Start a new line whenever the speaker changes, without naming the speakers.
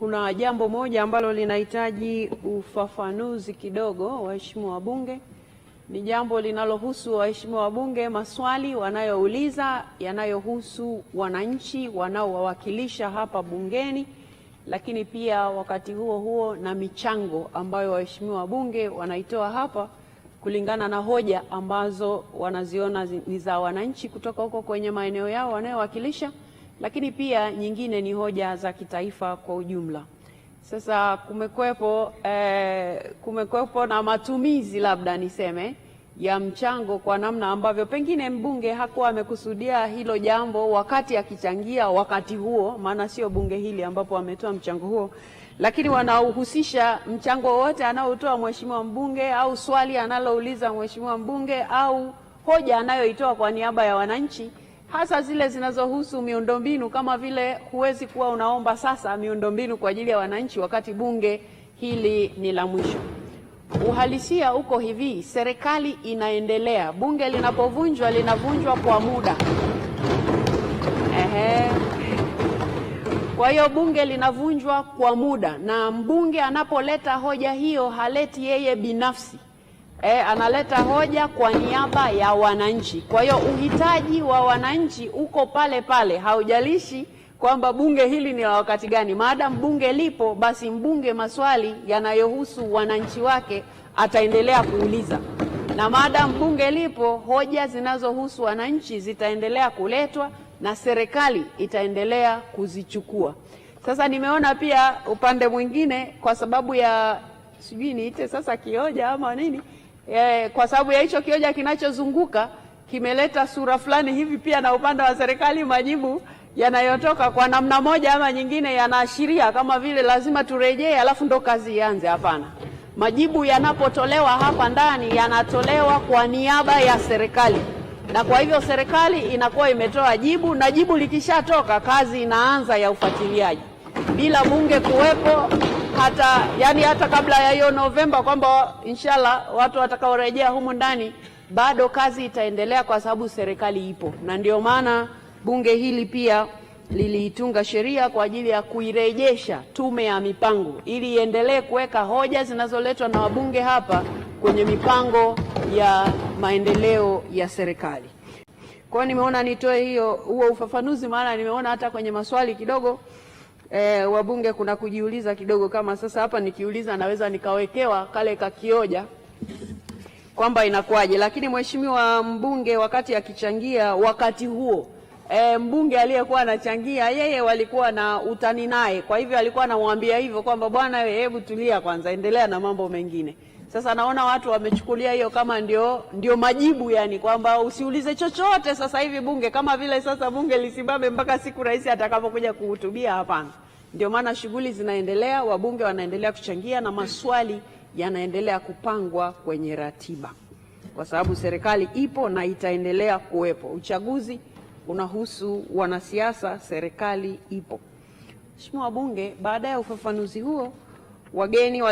kuna jambo moja ambalo linahitaji ufafanuzi kidogo, waheshimiwa wabunge. Ni jambo linalohusu waheshimiwa wabunge, maswali wanayouliza yanayohusu wananchi wanaowawakilisha hapa bungeni, lakini pia wakati huo huo na michango ambayo waheshimiwa wabunge wanaitoa hapa kulingana na hoja ambazo wanaziona ni za wananchi kutoka huko kwenye maeneo yao wanayowakilisha lakini pia nyingine ni hoja za kitaifa kwa ujumla. Sasa kumekwepo, eh, kumekwepo na matumizi labda niseme ya mchango kwa namna ambavyo pengine mbunge hakuwa amekusudia hilo jambo wakati akichangia wakati huo, maana sio bunge hili ambapo ametoa mchango huo, lakini wanauhusisha mchango wote anaotoa mheshimiwa mbunge au swali analouliza mheshimiwa mbunge au hoja anayoitoa kwa niaba ya wananchi hasa zile zinazohusu miundombinu, kama vile huwezi kuwa unaomba sasa miundombinu kwa ajili ya wananchi wakati bunge hili ni la mwisho. Uhalisia uko hivi, serikali inaendelea, bunge linapovunjwa linavunjwa kwa muda. Ehe. Kwa hiyo bunge linavunjwa kwa muda, na mbunge anapoleta hoja hiyo haleti yeye binafsi E, analeta hoja kwa niaba ya wananchi. Kwa hiyo uhitaji wa wananchi uko pale pale, haujalishi kwamba bunge hili ni la wakati gani. Maadamu bunge lipo, basi mbunge maswali yanayohusu wananchi wake ataendelea kuuliza, na maadamu bunge lipo, hoja zinazohusu wananchi zitaendelea kuletwa na serikali itaendelea kuzichukua. Sasa nimeona pia upande mwingine, kwa sababu ya sijui niite sasa kioja ama nini e, kwa sababu ya hicho kioja kinachozunguka kimeleta sura fulani hivi. Pia na upande wa serikali, majibu yanayotoka kwa namna moja ama nyingine yanaashiria kama vile lazima turejee, alafu ndo kazi ianze. Hapana, majibu yanapotolewa hapa ndani yanatolewa kwa niaba ya serikali, na kwa hivyo serikali inakuwa imetoa jibu, na jibu likishatoka kazi inaanza ya ufuatiliaji bila bunge kuwepo hata yani hata kabla ya hiyo Novemba kwamba inshallah watu watakaorejea humu ndani, bado kazi itaendelea kwa sababu serikali ipo, na ndio maana bunge hili pia liliitunga sheria kwa ajili ya kuirejesha tume ya mipango ili iendelee kuweka hoja zinazoletwa na wabunge hapa kwenye mipango ya maendeleo ya serikali. Kwa hiyo nimeona nitoe hiyo huo ufafanuzi, maana nimeona hata kwenye maswali kidogo e, wabunge kuna kujiuliza kidogo, kama sasa hapa nikiuliza naweza nikawekewa kale kakioja kwamba inakuwaje. Lakini mheshimiwa mbunge wakati akichangia wakati huo e, mbunge aliyekuwa anachangia yeye walikuwa na utani naye, kwa hivyo alikuwa anamwambia hivyo kwamba bwana, hebu tulia kwanza, endelea na mambo mengine. Sasa naona watu wamechukulia hiyo kama ndio, ndio majibu yani, kwamba usiulize chochote sasa hivi bunge, kama vile sasa bunge lisimame mpaka siku rais atakapokuja kuhutubia. Hapana, ndio maana shughuli zinaendelea, wabunge wanaendelea kuchangia na maswali yanaendelea kupangwa kwenye ratiba, kwa sababu serikali ipo na itaendelea kuwepo. Uchaguzi unahusu wanasiasa, serikali ipo. Mheshimiwa Bunge, baada ya ufafanuzi huo wageni wali